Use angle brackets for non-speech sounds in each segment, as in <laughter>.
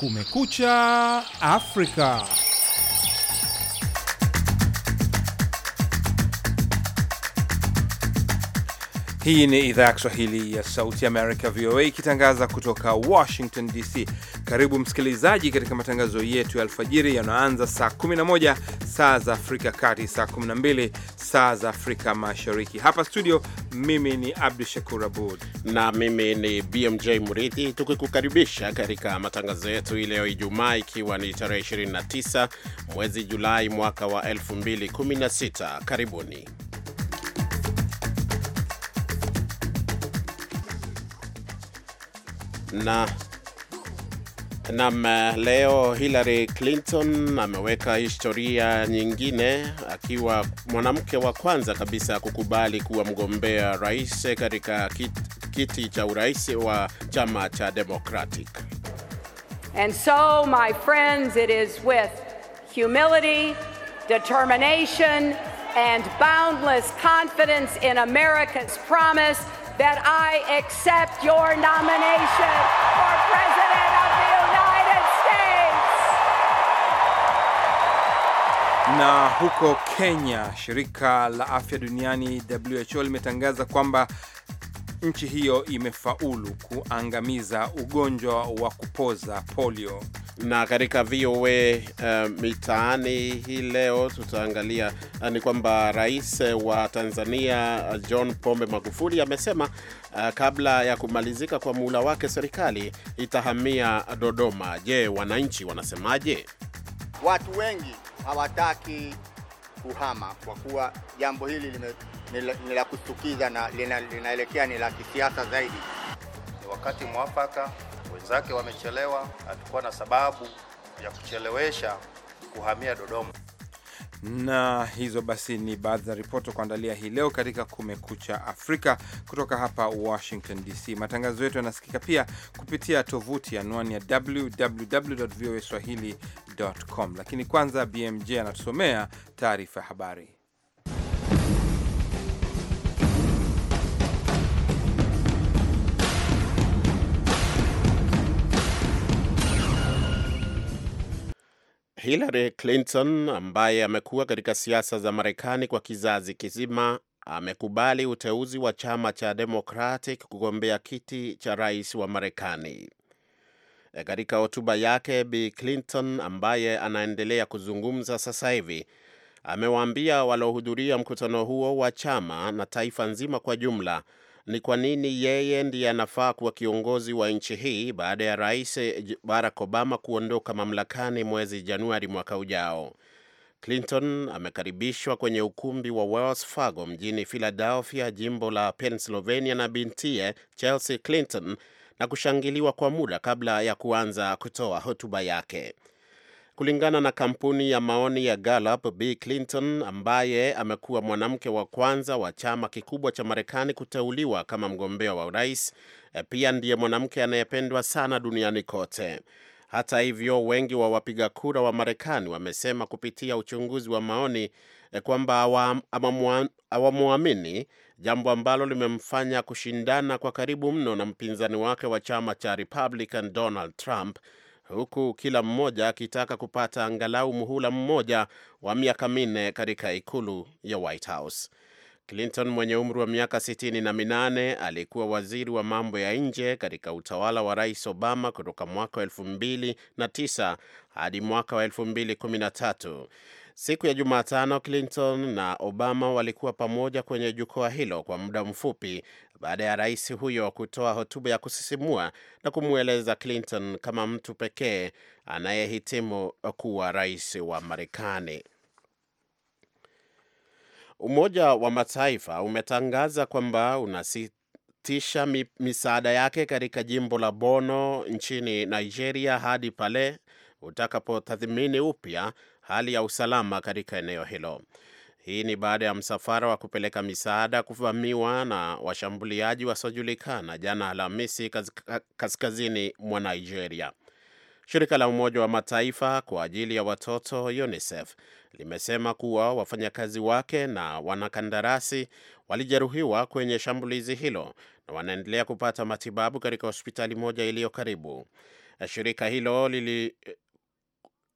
Kumekucha Afrika. Hii ni idhaa ya Kiswahili ya Sauti Amerika, VOA, ikitangaza kutoka Washington DC. Karibu msikilizaji, katika matangazo yetu ya alfajiri yanayoanza saa 11 saa za Afrika Kati, saa 12 saa za Afrika Mashariki. Hapa studio, mimi ni Abdu Shakur Abud na mimi ni BMJ Murithi, tukikukaribisha katika matangazo yetu leo Ijumaa, ikiwa ni tarehe 29 mwezi Julai mwaka wa 2016. Karibuni. na Nam, leo Hillary Clinton ameweka historia nyingine akiwa mwanamke wa kwanza kabisa kukubali kuwa mgombea rais katika kiti, kiti cha urais wa chama cha Democratic. And so my friends, it is with humility, determination and boundless confidence in America's promise that I accept your nomination for president. Na huko Kenya, shirika la afya duniani WHO limetangaza kwamba nchi hiyo imefaulu kuangamiza ugonjwa wa kupoza polio. Na katika VOA uh, eh, mitaani hii leo tutaangalia eh, ni kwamba rais eh, wa Tanzania John Pombe Magufuli amesema uh, kabla ya kumalizika kwa muhula wake serikali itahamia Dodoma. Je, wananchi wanasemaje? Watu wengi hawataki kuhama kwa kuwa jambo hili ni la kushtukiza na linaelekea ni la kisiasa zaidi. Ni wakati mwafaka, wenzake wamechelewa, hatukuwa na sababu ya kuchelewesha kuhamia Dodoma. Na hizo basi ni baadhi za ripoti kuandalia hii leo katika Kumekucha Afrika kutoka hapa Washington DC. Matangazo yetu yanasikika pia kupitia tovuti anwani ya www voa swahili com, lakini kwanza BMJ anatusomea taarifa ya habari. Hillary Clinton ambaye amekuwa katika siasa za Marekani kwa kizazi kizima amekubali uteuzi wa chama cha Democratic kugombea kiti cha rais wa Marekani. E, katika hotuba yake, Bi Clinton ambaye anaendelea kuzungumza sasa hivi amewaambia waliohudhuria mkutano huo wa chama na taifa nzima kwa jumla ni kwa nini yeye ndiye anafaa kuwa kiongozi wa nchi hii baada ya Rais eh, Barack Obama kuondoka mamlakani mwezi Januari mwaka ujao. Clinton amekaribishwa kwenye ukumbi wa Wells Fargo mjini Philadelphia, jimbo la Pennsylvania, na bintie Chelsea Clinton na kushangiliwa kwa muda kabla ya kuanza kutoa hotuba yake. Kulingana na kampuni ya maoni ya Gallup, B Clinton ambaye amekuwa mwanamke wa kwanza wa chama kikubwa cha Marekani kuteuliwa kama mgombea wa urais eh, pia ndiye mwanamke anayependwa sana duniani kote. Hata hivyo, wengi wa wapiga kura wa Marekani wamesema kupitia uchunguzi wa maoni eh, kwamba hawamwamini, jambo ambalo limemfanya kushindana kwa karibu mno na mpinzani wake wa chama cha Republican Donald Trump huku kila mmoja akitaka kupata angalau muhula mmoja wa miaka minne katika ikulu ya White House. Clinton mwenye umri wa miaka sitini na minane alikuwa waziri wa mambo ya nje katika utawala wa Rais Obama kutoka mwaka wa elfu mbili na tisa hadi mwaka wa elfu mbili kumi na tatu. Siku ya Jumatano, Clinton na Obama walikuwa pamoja kwenye jukwaa hilo kwa muda mfupi baada ya rais huyo kutoa hotuba ya kusisimua na kumweleza Clinton kama mtu pekee anayehitimu kuwa rais wa Marekani. Umoja wa Mataifa umetangaza kwamba unasitisha misaada yake katika jimbo la Bono nchini Nigeria hadi pale utakapotathmini upya hali ya usalama katika eneo hilo. Hii ni baada ya msafara wa kupeleka misaada kuvamiwa na washambuliaji wasiojulikana jana Alhamisi kaskazini mwa Nigeria. Shirika la Umoja wa Mataifa kwa ajili ya watoto UNICEF limesema kuwa wafanyakazi wake na wanakandarasi walijeruhiwa kwenye shambulizi hilo na wanaendelea kupata matibabu katika hospitali moja iliyo karibu. Shirika hilo lili,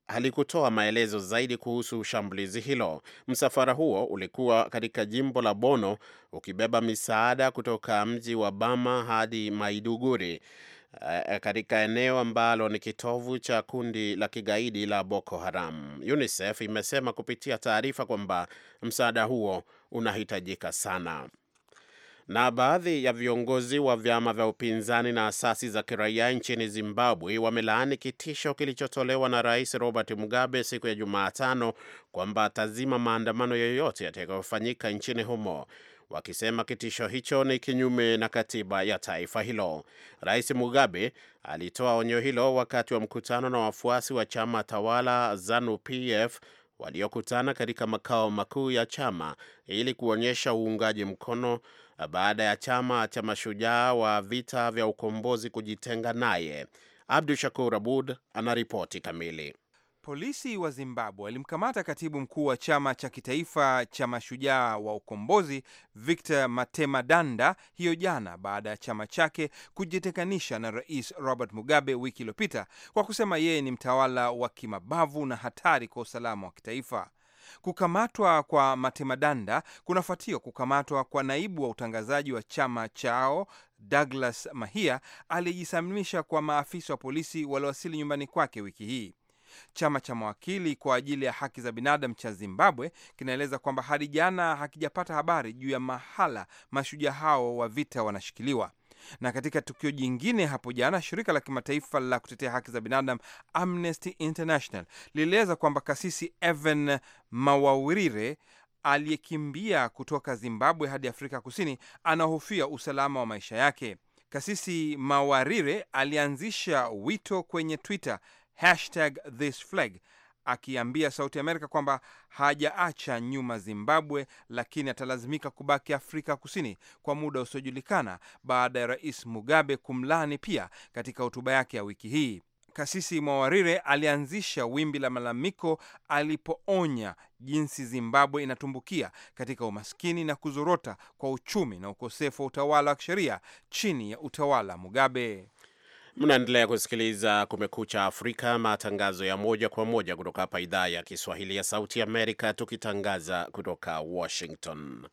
halikutoa maelezo zaidi kuhusu shambulizi hilo. Msafara huo ulikuwa katika jimbo la Bono ukibeba misaada kutoka mji wa Bama hadi Maiduguri eh, katika eneo ambalo ni kitovu cha kundi la kigaidi la Boko Haram. UNICEF imesema kupitia taarifa kwamba msaada huo unahitajika sana. Na baadhi ya viongozi wa vyama vya upinzani na asasi za kiraia nchini Zimbabwe wamelaani kitisho kilichotolewa na Rais Robert Mugabe siku ya Jumatano kwamba atazima maandamano yoyote yatakayofanyika nchini humo wakisema kitisho hicho ni kinyume na katiba ya taifa hilo. Rais Mugabe alitoa onyo hilo wakati wa mkutano na wafuasi wa chama tawala ZANU PF waliokutana katika makao makuu ya chama ili kuonyesha uungaji mkono baada ya chama cha mashujaa wa vita vya ukombozi kujitenga naye. Abdu Shakur Abud ana ripoti kamili. Polisi wa Zimbabwe alimkamata katibu mkuu wa chama cha kitaifa cha mashujaa wa ukombozi Victor Matemadanda hiyo jana baada ya chama chake kujitekanisha na Rais Robert Mugabe wiki iliyopita kwa kusema yeye ni mtawala wa kimabavu na hatari kwa usalama wa kitaifa. Kukamatwa kwa Matemadanda kunafuatia kukamatwa kwa naibu wa utangazaji wa chama chao Douglas Mahia aliyejisalimisha kwa maafisa wa polisi waliowasili nyumbani kwake wiki hii. Chama cha mawakili kwa ajili ya haki za binadamu cha Zimbabwe kinaeleza kwamba hadi jana hakijapata habari juu ya mahala mashujaa hao wa vita wanashikiliwa. Na katika tukio jingine hapo jana, shirika la kimataifa la kutetea haki za binadamu Amnesty International lilieleza kwamba kasisi Evan Mawawirire aliyekimbia kutoka Zimbabwe hadi Afrika Kusini anahofia usalama wa maisha yake. Kasisi Mawarire alianzisha wito kwenye Twitter hashtag this flag akiambia Sauti Amerika kwamba hajaacha nyuma Zimbabwe, lakini atalazimika kubaki Afrika Kusini kwa muda usiojulikana baada ya Rais Mugabe kumlani pia katika hotuba yake ya wiki hii. Kasisi Mwawarire alianzisha wimbi la malalamiko alipoonya jinsi Zimbabwe inatumbukia katika umaskini na kuzorota kwa uchumi na ukosefu wa utawala wa kisheria chini ya utawala Mugabe. Mnaendelea kusikiliza Kumekucha Afrika, matangazo ya moja kwa moja kutoka hapa idhaa ya Kiswahili ya Sauti Amerika, tukitangaza kutoka Washington.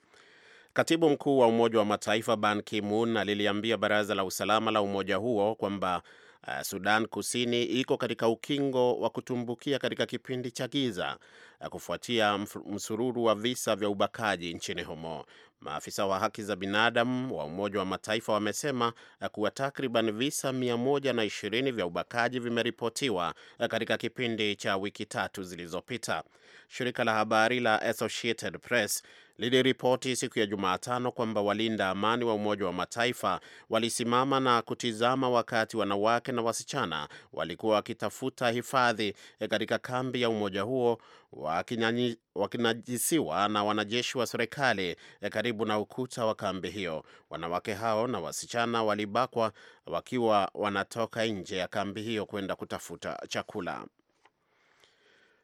Katibu mkuu wa Umoja wa Mataifa Ban Ki-moon aliliambia baraza la usalama la umoja huo kwamba uh, Sudan Kusini iko katika ukingo wa kutumbukia katika kipindi cha giza uh, kufuatia msururu wa visa vya ubakaji nchini humo. Maafisa wa haki za binadamu wa Umoja wa Mataifa wamesema eh, kuwa takriban visa 120 vya ubakaji vimeripotiwa eh, katika kipindi cha wiki tatu zilizopita. Shirika la habari la Associated Press liliripoti siku ya Jumatano kwamba walinda amani wa Umoja wa Mataifa walisimama na kutizama wakati wanawake na wasichana walikuwa wakitafuta hifadhi eh, katika kambi ya umoja huo wakinajisiwa na wanajeshi wa serikali eh, karibu na ukuta wa kambi hiyo. Wanawake hao na wasichana walibakwa wakiwa wanatoka nje ya kambi hiyo kwenda kutafuta chakula.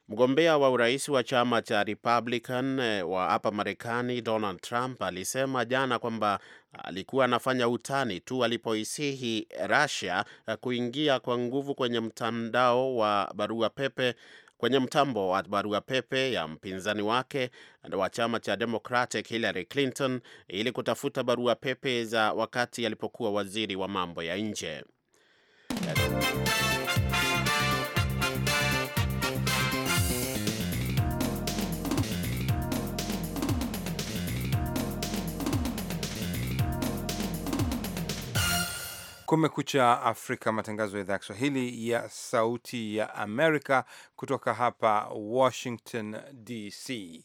Mgombea wa urais wa chama cha Republican eh, wa hapa Marekani, Donald Trump alisema jana kwamba alikuwa anafanya utani tu alipoisihi Russia eh, kuingia kwa nguvu kwenye mtandao wa barua pepe kwenye mtambo wa barua pepe ya mpinzani wake wa chama cha Democratic Hillary Clinton ili kutafuta barua pepe za wakati alipokuwa waziri wa mambo ya nje. Kumekucha Afrika, matangazo ya idhaa ya Kiswahili ya Sauti ya Amerika kutoka hapa Washington DC.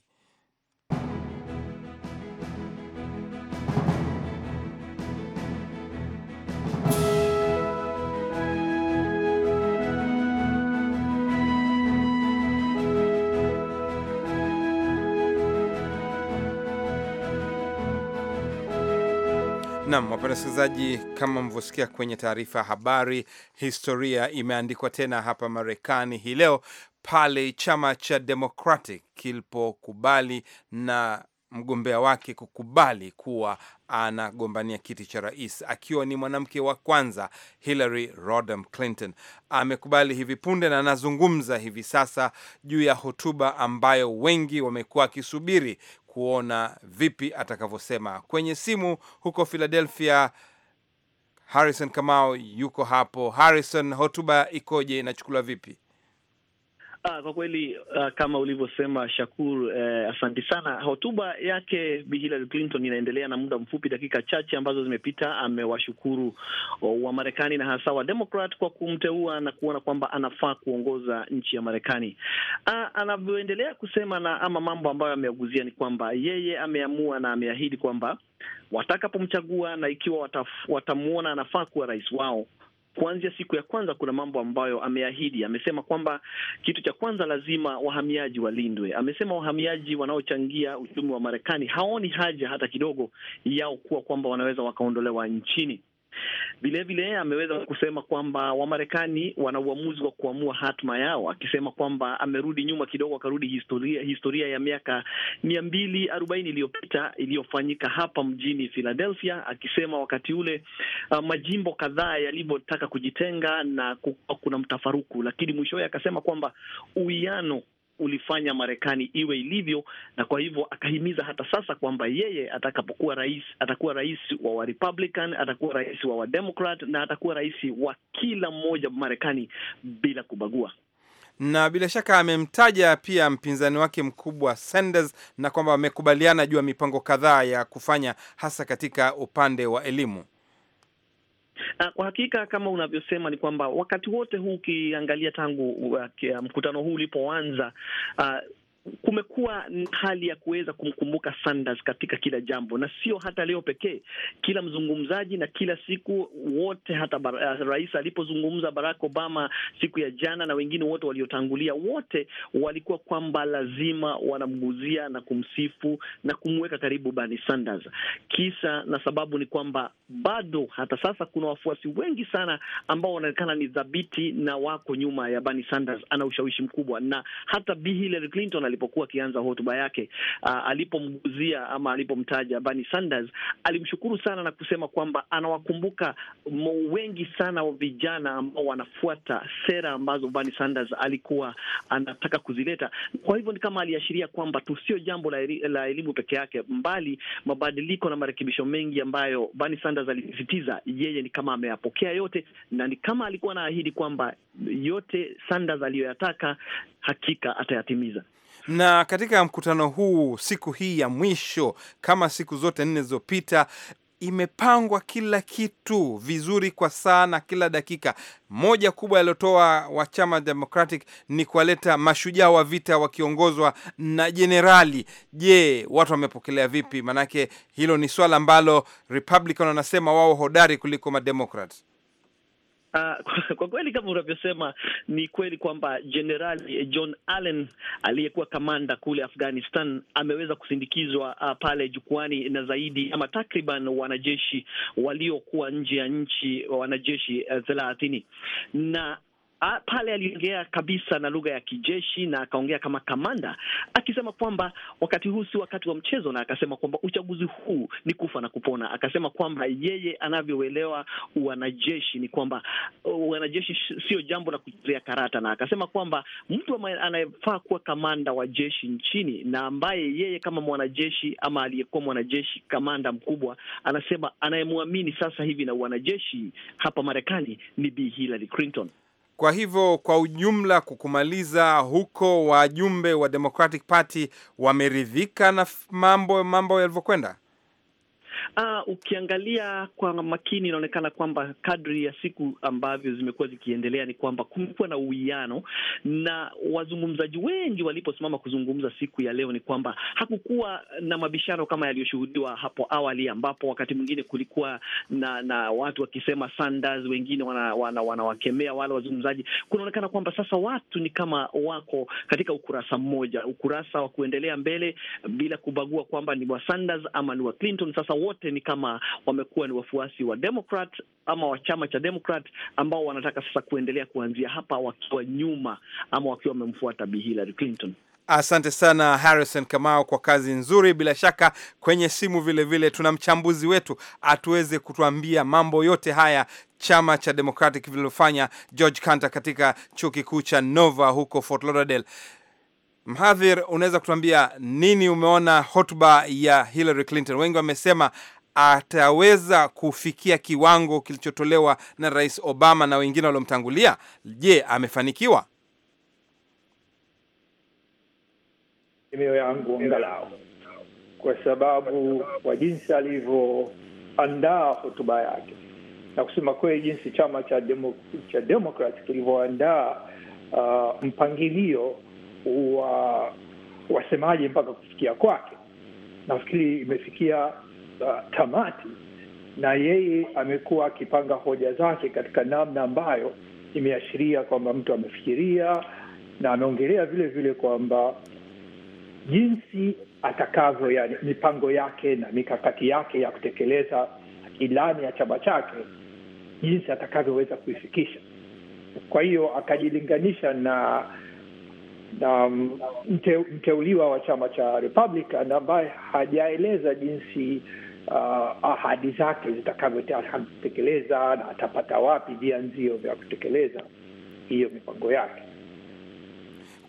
Nam, wapenda wasikilizaji, kama mlivyosikia kwenye taarifa ya habari, historia imeandikwa tena hapa Marekani hii leo pale chama cha Democratic kilipokubali na mgombea wake kukubali kuwa anagombania kiti cha rais akiwa ni mwanamke wa kwanza. Hillary Rodham Clinton amekubali hivi punde na anazungumza hivi sasa juu ya hotuba ambayo wengi wamekuwa wakisubiri kuona vipi atakavyosema. Kwenye simu huko Philadelphia, Harrison Kamau yuko hapo. Harrison, hotuba ikoje? Inachukuliwa vipi? Ah, kwa kweli ah, kama ulivyosema Shakur, eh, asante sana. Hotuba yake Bi Hillary Clinton inaendelea na muda mfupi, dakika chache ambazo zimepita, amewashukuru oh, wa Marekani na hasa wa Democrat kwa kumteua na kuona kwamba anafaa kuongoza nchi ya Marekani. Ah, anavyoendelea kusema na ama mambo ambayo ameaguzia ni kwamba yeye ameamua na ameahidi kwamba watakapomchagua na ikiwa watamwona anafaa kuwa rais wao kuanzia siku ya kwanza kuna mambo ambayo ameahidi. Amesema kwamba kitu cha kwanza lazima wahamiaji walindwe. Amesema wahamiaji wanaochangia uchumi wa Marekani haoni haja hata kidogo yao kuwa kwamba wanaweza wakaondolewa nchini. Vilevile ameweza kusema kwamba Wamarekani wana uamuzi wa kuamua hatma yao, akisema kwamba amerudi nyuma kidogo, akarudi historia, historia ya miaka mia mbili arobaini iliyopita iliyofanyika hapa mjini Philadelphia, akisema wakati ule uh, majimbo kadhaa yalivyotaka kujitenga na kuna mtafaruku, lakini mwishowe akasema kwamba uwiano ulifanya Marekani iwe ilivyo, na kwa hivyo akahimiza hata sasa kwamba yeye atakapokuwa rais atakuwa rais wa wa atakuwa rais wa Wademokrat na atakuwa rais wa kila mmoja Marekani bila kubagua na bila shaka amemtaja pia mpinzani wake mkubwa Sanders na kwamba wamekubaliana juu ya mipango kadhaa ya kufanya hasa katika upande wa elimu. Ah, kwa hakika kama unavyosema ni kwamba wakati wote huu ukiangalia tangu uh, mkutano huu ulipoanza uh, kumekuwa hali ya kuweza kumkumbuka Sanders katika kila jambo, na sio hata leo pekee. Kila mzungumzaji na kila siku wote, hata eh, rais alipozungumza Barack Obama siku ya jana na wengine wote waliotangulia, wote walikuwa kwamba lazima wanamguzia na kumsifu na kumweka karibu Bernie Sanders. Kisa na sababu ni kwamba bado hata sasa kuna wafuasi wengi sana ambao wanaonekana ni dhabiti na wako nyuma ya Bernie Sanders, ana ushawishi mkubwa, na hata Bi Hillary Clinton alipokuwa akianza hotuba yake, uh, alipomguzia ama alipomtaja Bernie Sanders, alimshukuru sana na kusema kwamba anawakumbuka wengi sana wa vijana ambao wanafuata sera ambazo Bernie Sanders alikuwa anataka kuzileta. Kwa hivyo ni kama aliashiria kwamba tu sio jambo la elimu peke yake, mbali mabadiliko na marekebisho mengi ambayo Bernie Sanders alisisitiza, yeye ni kama ameyapokea yote na ni kama alikuwa anaahidi kwamba yote Sanders aliyoyataka hakika atayatimiza. Na katika mkutano huu siku hii ya mwisho, kama siku zote nne zilizopita, imepangwa kila kitu vizuri kwa sana, kila dakika. Moja kubwa yaliotoa wa chama Democratic ni kuwaleta mashujaa wa vita wakiongozwa na jenerali. Je, watu wamepokelea vipi? Maanake hilo ni swala ambalo Republican wanasema wao hodari kuliko mademokrat. Uh, <laughs> kwa kweli kama unavyosema ni kweli kwamba Jenerali John Allen aliyekuwa kamanda kule Afghanistan ameweza kusindikizwa uh, pale jukwani na zaidi ama takriban wanajeshi waliokuwa nje ya nchi wanajeshi eh, thelathini uh, na A, ah, pale aliongea kabisa na lugha ya kijeshi na akaongea kama kamanda akisema kwamba wakati huu si wakati wa mchezo, na akasema kwamba uchaguzi huu ni kufa na kupona. Akasema kwamba yeye anavyoelewa wanajeshi ni kwamba uh, wanajeshi sio jambo la kuchezea karata, na akasema kwamba mtu anayefaa kuwa kamanda wa jeshi nchini na ambaye yeye kama mwanajeshi ama aliyekuwa mwanajeshi kamanda mkubwa, anasema anayemwamini sasa hivi na wanajeshi hapa Marekani ni Bi Hillary Clinton. Kwa hivyo kwa ujumla, kukumaliza huko, wajumbe wa Democratic Party wameridhika na mambo mambo yalivyokwenda. Uh, ukiangalia kwa makini inaonekana kwamba kadri ya siku ambavyo zimekuwa zikiendelea ni kwamba kumekuwa na uwiano, na wazungumzaji wengi waliposimama kuzungumza siku ya leo ni kwamba hakukuwa na mabishano kama yaliyoshuhudiwa hapo awali, ambapo wakati mwingine kulikuwa na na watu wakisema Sanders, wengine wanawakemea wana, wana wale wazungumzaji. Kunaonekana kwamba sasa watu ni kama wako katika ukurasa mmoja, ukurasa wa kuendelea mbele bila kubagua kwamba ni wa Sanders ama ni wa Clinton. Sasa wote ni kama wamekuwa ni wafuasi wa Democrat ama wa chama cha Democrat ambao wanataka sasa kuendelea kuanzia hapa wakiwa nyuma ama wakiwa wamemfuata Bi Hillary Clinton. Asante sana Harrison Kamau kwa kazi nzuri. Bila shaka kwenye simu vilevile vile, tuna mchambuzi wetu atuweze kutuambia mambo yote haya chama cha Democratic vililofanya George Cantor katika chuo kikuu cha Nova huko Fort Lauderdale. Mhadhir, unaweza kutuambia nini umeona hotuba ya Hillary Clinton? Wengi wamesema ataweza kufikia kiwango kilichotolewa na Rais Obama na wengine waliomtangulia. Je, amefanikiwa? yangu angalau, kwa sababu kwa jinsi alivyoandaa hotuba yake na kusema kweli, jinsi chama cha demokrat kilivyoandaa uh, mpangilio wa wasemaji mpaka kufikia kwake. Nafikiri imefikia uh, tamati, na yeye amekuwa akipanga hoja zake katika namna ambayo imeashiria kwamba mtu amefikiria na ameongelea vile vile kwamba jinsi atakavyo, yani mipango yake na mikakati yake ya kutekeleza ilani ya chama chake, jinsi atakavyoweza kuifikisha. Kwa hiyo akajilinganisha na na mte, mteuliwa wa chama cha Republican ambaye hajaeleza jinsi uh, ahadi zake zitakavyotekeleza na atapata wapi vianzio vya kutekeleza hiyo mipango yake.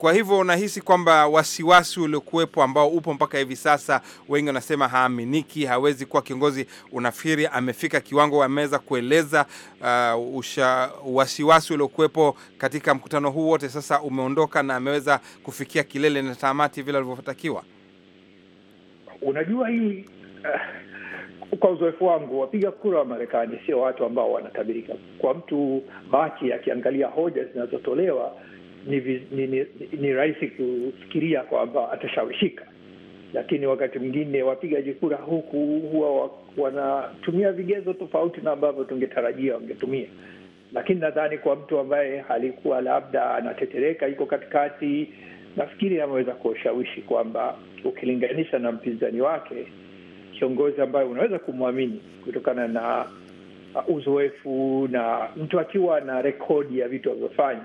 Kwa hivyo unahisi kwamba wasiwasi uliokuwepo ambao upo mpaka hivi sasa, wengi wanasema haaminiki, hawezi kuwa kiongozi, unafikiri amefika kiwango, ameweza kueleza uh, usha, wasiwasi uliokuwepo katika mkutano huu wote, sasa umeondoka na ameweza kufikia kilele na tamati vile alivyotakiwa? Unajua hii uh, kwa uzoefu wangu wapiga kura wa Marekani sio watu ambao wanatabirika. Kwa mtu baki akiangalia hoja zinazotolewa ni, ni, ni, ni rahisi kufikiria kwamba atashawishika, lakini wakati mwingine wapigaji kura huku huwa wanatumia vigezo tofauti na ambavyo tungetarajia wangetumia. Lakini nadhani kwa mtu ambaye alikuwa labda anatetereka, iko katikati, nafikiri ameweza ushawishi kwamba ukilinganisha na mpinzani wake, kiongozi ambaye unaweza kumwamini kutokana na uzoefu na mtu akiwa na rekodi ya vitu alivyofanya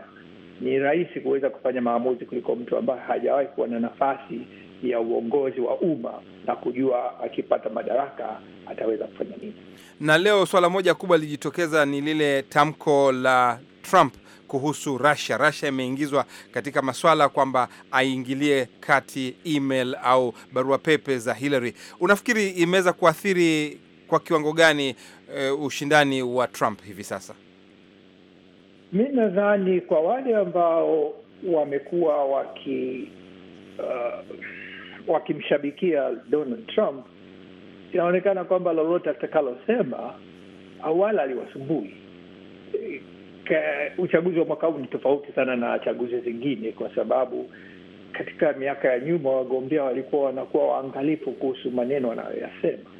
ni rahisi kuweza kufanya maamuzi kuliko mtu ambaye hajawahi kuwa na nafasi ya uongozi wa umma na kujua akipata madaraka ataweza kufanya nini. Na leo swala moja kubwa lilijitokeza ni lile tamko la Trump kuhusu Russia. Russia imeingizwa katika maswala kwamba aingilie kati email au barua pepe za Hillary. Unafikiri imeweza kuathiri kwa kiwango gani, e, ushindani wa Trump hivi sasa? Mi nadhani kwa wale ambao wamekuwa waki uh, wakimshabikia Donald Trump inaonekana kwamba lolote atakalosema awala aliwasumbui. Uchaguzi wa mwaka huu ni tofauti sana na chaguzi zingine, kwa sababu katika miaka ya nyuma wagombea walikuwa wanakuwa waangalifu kuhusu maneno wanayoyasema.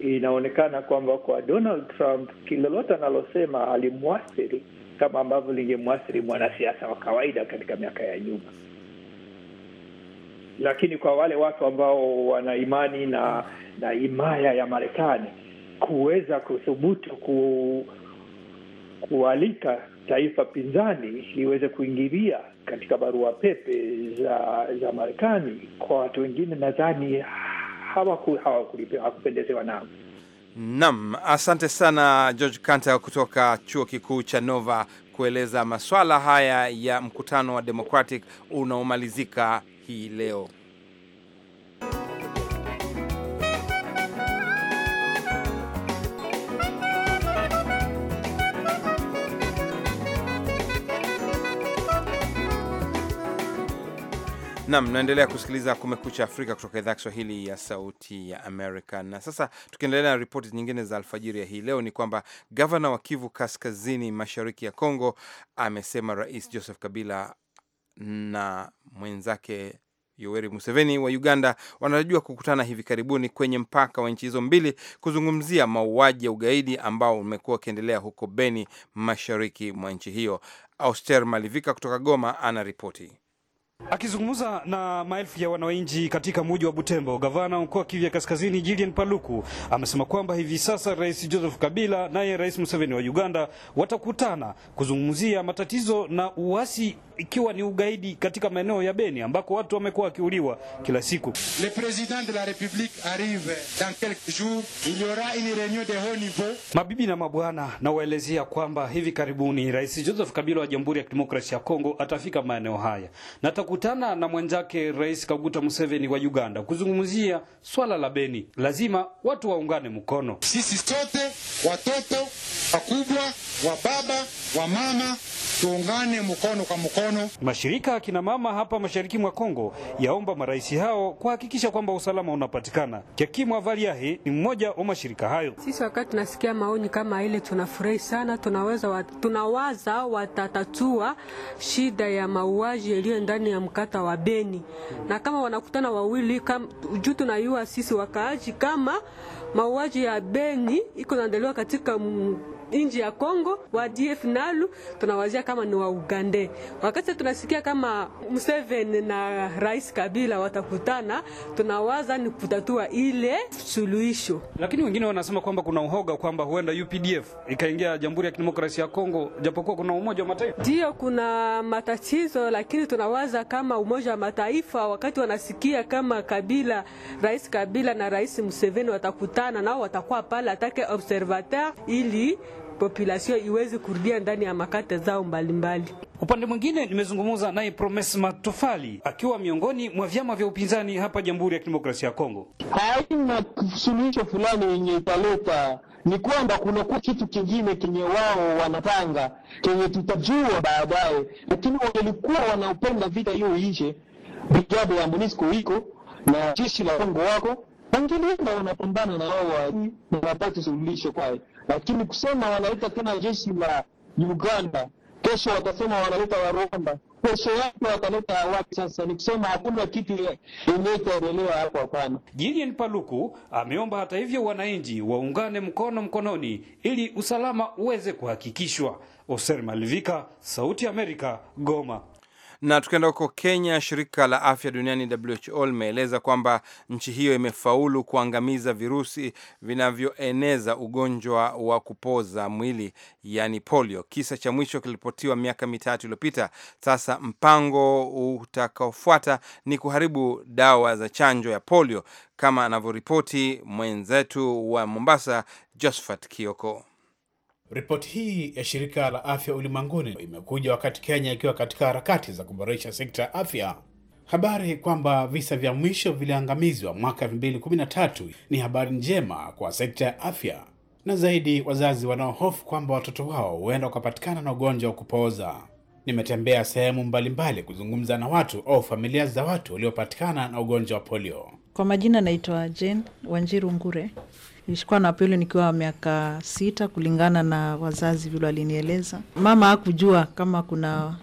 Inaonekana kwamba kwa Donald Trump kilolote analosema alimwathiri kama ambavyo lingemwathiri mwanasiasa wa kawaida katika miaka ya nyuma. Lakini kwa wale watu ambao wana imani na na himaya ya Marekani kuweza kuthubutu ku, kualika taifa pinzani liweze kuingilia katika barua pepe za za Marekani, kwa watu wengine nadhani hawakupendezewa hawaku nao. Naam, asante sana George Kanta kutoka chuo kikuu cha Nova kueleza maswala haya ya mkutano wa Democratic unaomalizika hii leo. Nam, naendelea kusikiliza Kumekucha Afrika kutoka idhaa Kiswahili ya Sauti ya Amerika. Na sasa tukiendelea na ripoti nyingine za alfajiri ya hii leo, ni kwamba gavana wa Kivu Kaskazini, mashariki ya congo amesema Rais Joseph Kabila na mwenzake Yoweri Museveni wa Uganda wanatarajiwa kukutana hivi karibuni kwenye mpaka wa nchi hizo mbili kuzungumzia mauaji ya ugaidi ambao umekuwa ukiendelea huko Beni, mashariki mwa nchi hiyo. Auster Malivika kutoka Goma ana ripoti. Akizungumza na maelfu ya wananchi katika mji wa Butembo, gavana wa mkoa Kivu Kaskazini Julian Paluku amesema kwamba hivi sasa Rais Joseph Kabila naye Rais Museveni wa Uganda watakutana kuzungumzia matatizo na uasi ikiwa ni ugaidi katika maeneo ya Beni ambako watu wamekuwa wakiuliwa kila siku. Le president de la republique arrive dans quelques jours, il y aura une réunion de haut niveau. Mabibi na mabwana, nawaelezea kwamba hivi karibuni Rais Joseph Kabila wa Jamhuri ya Kidemokrasia ya Kongo atafika maeneo haya na atakutana na mwenzake Rais Kaguta Museveni wa Uganda kuzungumzia swala la Beni. Lazima watu waungane mkono, sisi sote, watoto wakubwa, wa mama tuungane mkono kwa mkono. Mashirika ya kina mama hapa mashariki mwa Kongo yaomba marais hao kuhakikisha kwamba usalama unapatikana. Kyakimwa Valiahi ni mmoja wa mashirika hayo. Sisi wakati tunasikia maoni kama ile tunafurahi sana, tunaweza wat, tunawaza watatatua shida ya mauaji yaliyo ndani ya mkata wa Beni, na kama wanakutana wawili kama juu, tunayua sisi wakaaji kama mauaji ya Beni iko katika nchi ya Kongo wa DF nalu tunawazia kama ni wa Uganda. Wakati tunasikia kama Museveni na Rais Kabila watakutana, tunawaza ni kutatua ile suluhisho, lakini wengine wanasema kwamba kuna uhoga kwamba huenda UPDF ikaingia Jamhuri ya Kidemokrasia ya Kongo, japokuwa kuna Umoja wa Mataifa. Ndio kuna matatizo, lakini tunawaza kama Umoja wa Mataifa wakati wanasikia kama Kabila, Rais Kabila na Rais Museveni watakutana nao, watakuwa pale atake observateur ili population iweze kurudia ndani ya makata zao mbalimbali mbali. Upande mwingine nimezungumza naye Promes Matofali akiwa miongoni mwa vyama vya upinzani hapa Jamhuri ya Kidemokrasia ya Kongo. Haina suluhisho fulani yenye italeta ni kwamba kunakuwa kitu kingine kenye wao wanapanga kenye tutajua baadaye, lakini walikuwa wanaopenda vita hiyo ishe, brigade ya MONUSCO iko na jeshi la Kongo wako Wangelinda wanapambana na wao waadui na wapate suluhisho kwayo, lakini kusema wanaleta tena jeshi la Uganda, kesho watasema wanaleta wa Rwanda, kesho yake wataleta wapi? Sasa ni kusema hakuna kitu yenyewe itaelelewa hapo, hapana. Gideon Paluku ameomba hata hivyo wananchi waungane mkono mkononi ili usalama uweze kuhakikishwa. Oser Malivika, Sauti ya Amerika, Goma. Na tukienda huko Kenya, shirika la afya duniani WHO limeeleza kwamba nchi hiyo imefaulu kuangamiza virusi vinavyoeneza ugonjwa wa kupoza mwili, yani polio. Kisa cha mwisho kiliripotiwa miaka mitatu iliyopita. Sasa mpango utakaofuata ni kuharibu dawa za chanjo ya polio, kama anavyoripoti mwenzetu wa Mombasa, Josephat Kioko. Ripoti hii ya shirika la afya ulimwenguni imekuja wakati Kenya ikiwa katika harakati za kuboresha sekta ya afya. Habari kwamba visa vya mwisho viliangamizwa mwaka 2013 ni habari njema kwa sekta ya afya, na zaidi wazazi wanaohofu kwamba watoto wao huenda wakapatikana na ugonjwa wa kupooza. Nimetembea sehemu mbalimbali kuzungumza na watu au familia za watu waliopatikana na ugonjwa wa polio. Kwa majina naitwa Jane Wanjiru Ngure. Nilishikwa na polio nikiwa miaka sita, kulingana na wazazi vile walinieleza. Mama hakujua kama kuna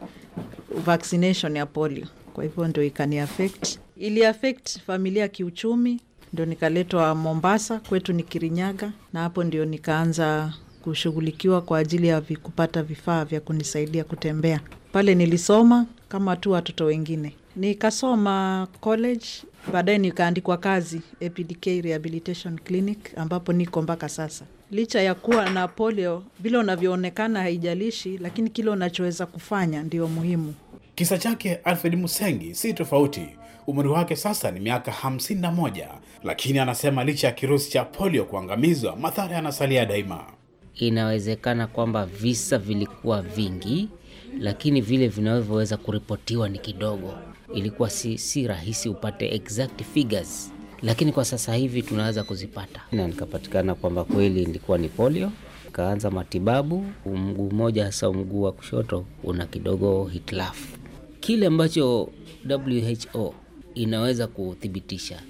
vaccination ya polio, kwa hivyo ndo ikani affect. Ili affect familia kiuchumi, ndio nikaletwa Mombasa, kwetu ni Kirinyaga, na hapo ndio nikaanza kushughulikiwa kwa ajili ya kupata vifaa vya kunisaidia kutembea. Pale nilisoma kama tu watoto wengine, nikasoma college Baadaye nikaandikwa kazi APDK Rehabilitation Clinic ambapo niko mpaka sasa. Licha ya kuwa na polio, vile unavyoonekana haijalishi, lakini kile unachoweza kufanya ndio muhimu. Kisa chake Alfred Musengi si tofauti. Umri wake sasa ni miaka 51, lakini anasema licha ya kirusi cha polio kuangamizwa, madhara yanasalia daima. Inawezekana kwamba visa vilikuwa vingi, lakini vile vinavyoweza kuripotiwa ni kidogo ilikuwa si, si rahisi upate exact figures, lakini kwa sasa hivi tunaweza kuzipata, na nikapatikana kwamba kweli ilikuwa ni polio. Kaanza matibabu, mguu mmoja hasa mguu wa kushoto una kidogo hitilafu. Kile ambacho WHO inaweza kuthibitisha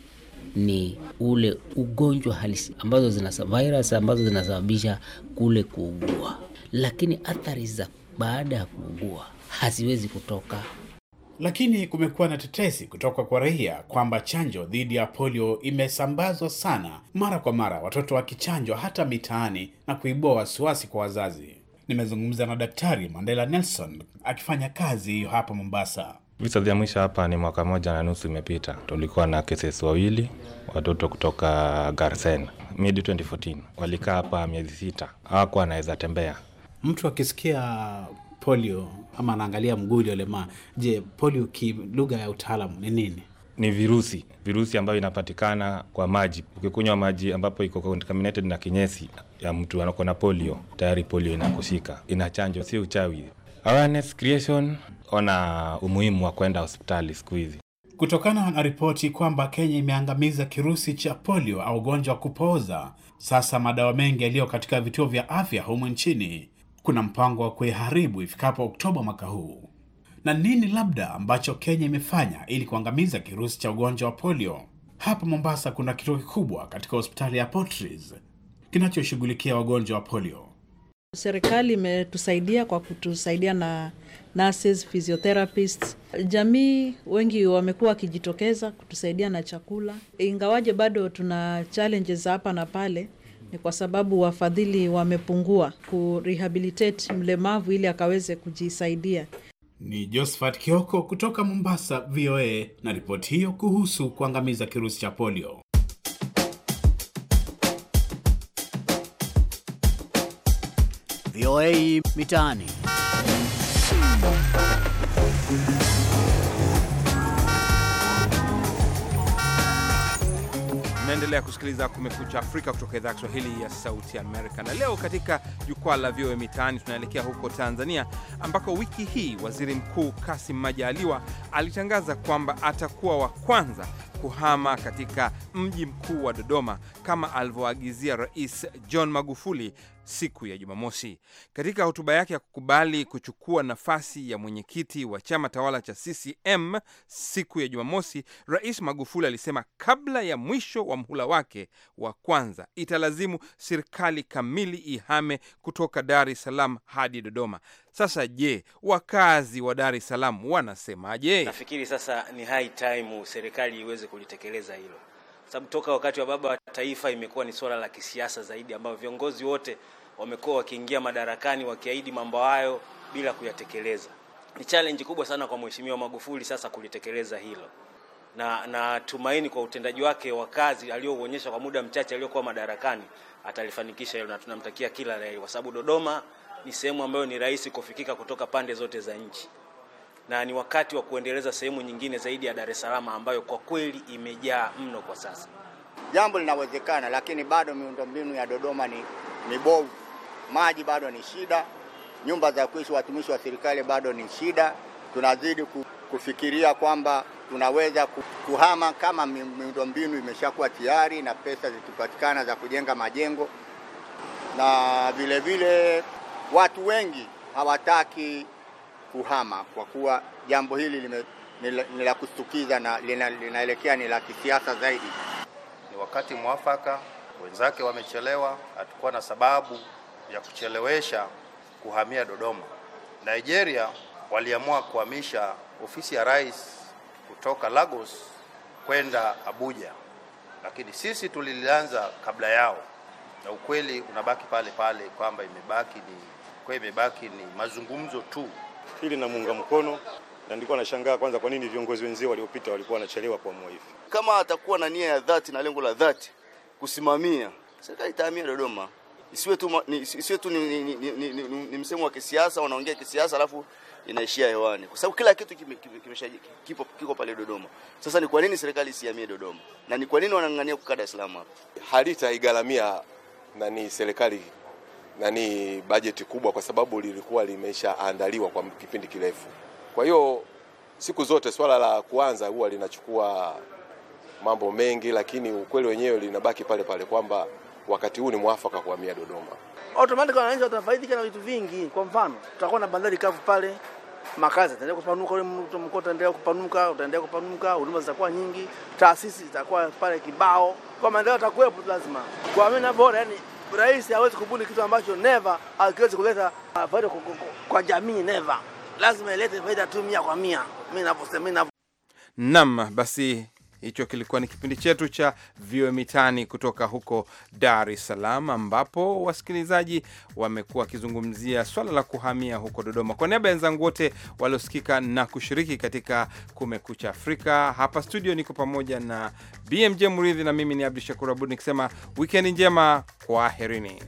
ni ule ugonjwa halisi ambazo virus ambazo zinasababisha kule kuugua, lakini athari za baada ya kuugua haziwezi kutoka lakini kumekuwa na tetesi kutoka kwa raia kwamba chanjo dhidi ya polio imesambazwa sana, mara kwa mara watoto wakichanjwa hata mitaani na kuibua wasiwasi kwa wazazi. Nimezungumza na Daktari Mandela Nelson akifanya kazi hiyo hapa Mombasa. Visa vya mwisho hapa ni mwaka moja na nusu imepita, tulikuwa na kesesi wawili watoto kutoka Garsen mid 2014 walikaa hapa miezi sita, awakuwa anaweza tembea. Mtu akisikia polio ama anaangalia mguu uliolemaa. Je, polio ki lugha ya utaalamu ni nini? Ni virusi, virusi ambayo inapatikana kwa maji. Ukikunywa maji ambapo iko contaminated na kinyesi ya mtu anako na polio, tayari polio inakushika. chanjo si uchawi. Awareness creation, ona umuhimu wa kwenda hospitali siku hizi. Kutokana na ripoti kwamba Kenya imeangamiza kirusi cha polio au ugonjwa wa kupooza, sasa madawa mengi yaliyo katika vituo vya afya humu nchini kuna mpango wa kuiharibu ifikapo Oktoba mwaka huu. Na nini labda ambacho Kenya imefanya ili kuangamiza kirusi cha ugonjwa wa polio? Hapa Mombasa kuna kituo kikubwa katika hospitali ya Potris kinachoshughulikia wagonjwa wa polio. Serikali imetusaidia kwa kutusaidia na nurses, physiotherapists. Jamii wengi wamekuwa wakijitokeza kutusaidia na chakula, ingawaje bado tuna challenges hapa na pale, ni kwa sababu wafadhili wamepungua kurehabilitate mlemavu ili akaweze kujisaidia. Ni Josephat Kioko kutoka Mombasa, VOA, na ripoti hiyo kuhusu kuangamiza kirusi cha polio. VOA Mitaani. Unaendelea kusikiliza Kumekucha Afrika kutoka idhaa ya Kiswahili ya Sauti Amerika, na leo katika jukwaa la VOA e Mitaani tunaelekea huko Tanzania, ambako wiki hii Waziri Mkuu Kassim Majaliwa alitangaza kwamba atakuwa wa kwanza kuhama katika mji mkuu wa Dodoma kama alivyoagizia Rais John Magufuli siku ya Jumamosi. Katika hotuba yake ya kukubali kuchukua nafasi ya mwenyekiti wa chama tawala cha CCM siku ya Jumamosi, Rais Magufuli alisema kabla ya mwisho wa mhula wake wa kwanza italazimu serikali kamili ihame kutoka Dar es Salaam hadi Dodoma. Sasa je, wakazi wa Dar es Salaam wanasemaje? Nafikiri sasa ni high time serikali iweze kulitekeleza hilo, sababu toka wakati wa baba wa taifa imekuwa ni suala la kisiasa zaidi, ambayo viongozi wote wamekuwa wakiingia madarakani wakiahidi mambo hayo bila kuyatekeleza. Ni challenge kubwa sana kwa Mheshimiwa Magufuli sasa kulitekeleza hilo, na natumaini kwa utendaji wake wa kazi aliyouonyesha kwa muda mchache aliyokuwa madarakani atalifanikisha hilo, na tunamtakia kila la kwa sababu Dodoma ni sehemu ambayo ni rahisi kufikika kutoka pande zote za nchi, na ni wakati wa kuendeleza sehemu nyingine zaidi ya Dar es Salaam ambayo kwa kweli imejaa mno kwa sasa. Jambo linawezekana, lakini bado miundombinu ya Dodoma ni, mibovu maji bado ni shida, nyumba za kuishi watumishi wa serikali bado ni shida. Tunazidi kufikiria kwamba tunaweza kuhama kama miundombinu imeshakuwa tayari na pesa zikipatikana za kujenga majengo, na vilevile watu wengi hawataki kuhama kwa kuwa jambo hili ni la kushtukiza na linaelekea ni la kisiasa zaidi. Ni wakati mwafaka, wenzake wamechelewa, hatukuwa na sababu ya kuchelewesha kuhamia Dodoma. Nigeria waliamua kuhamisha ofisi ya rais kutoka Lagos kwenda Abuja, lakini sisi tulilianza kabla yao, na ukweli unabaki pale pale kwamba imebaki ni kwa imebaki ni mazungumzo tu. Hili namuunga mkono na nilikuwa nashangaa kwanza, kwa nini viongozi wenzio waliopita walikuwa wanachelewa kuamua hivi. Kama atakuwa na nia ya dhati na lengo la dhati kusimamia serikali, itahamia Dodoma isiwe tu ni, isiwe tu ni, ni, ni, ni, ni, ni msemo wa kisiasa, wanaongea kisiasa alafu inaishia hewani, kwa sababu kila kitu kime, kipo kiko pale Dodoma. Sasa ni kwa nini serikali isihamie Dodoma na ni kwa nini wanang'ang'ania kukaa Dar es Salaam? Hapa halitaigaramia nani serikali nani bajeti kubwa, kwa sababu lilikuwa limeshaandaliwa kwa kipindi kirefu. Kwa hiyo siku zote swala la kuanza huwa linachukua mambo mengi, lakini ukweli wenyewe linabaki pale pale kwamba wakati huu ni mwafaka kuhamia Dodoma. Automatically wananchi watafaidika na vitu vingi. Kwa mfano, tutakuwa na bandari kavu pale, makazi yataendelea kupanuka, ule mto mkoa utaendelea kupanuka, utaendelea kupanuka, huduma zitakuwa nyingi, taasisi zitakuwa pale kibao, kwa maendeleo yatakuwepo lazima. Kwa mimi bora, yani rais hawezi kubuni kitu ambacho never akiwezi kuleta ah, faida kwa jamii, never. Lazima ilete faida tu mia kwa mia, mimi ninavyosema. Naam, basi Hicho kilikuwa ni kipindi chetu cha VOA mitani kutoka huko Dar es Salaam, ambapo wasikilizaji wamekuwa wakizungumzia swala la kuhamia huko Dodoma. Kwa niaba ya wenzangu wote waliosikika na kushiriki katika Kumekucha Afrika, hapa studio niko pamoja na BMJ Muridhi na mimi ni Abdu Shakur Abud nikisema wikendi njema, kwaherini.